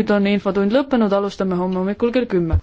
nüüd on infotund lõppenud, alustame homme hommikul kell kümme.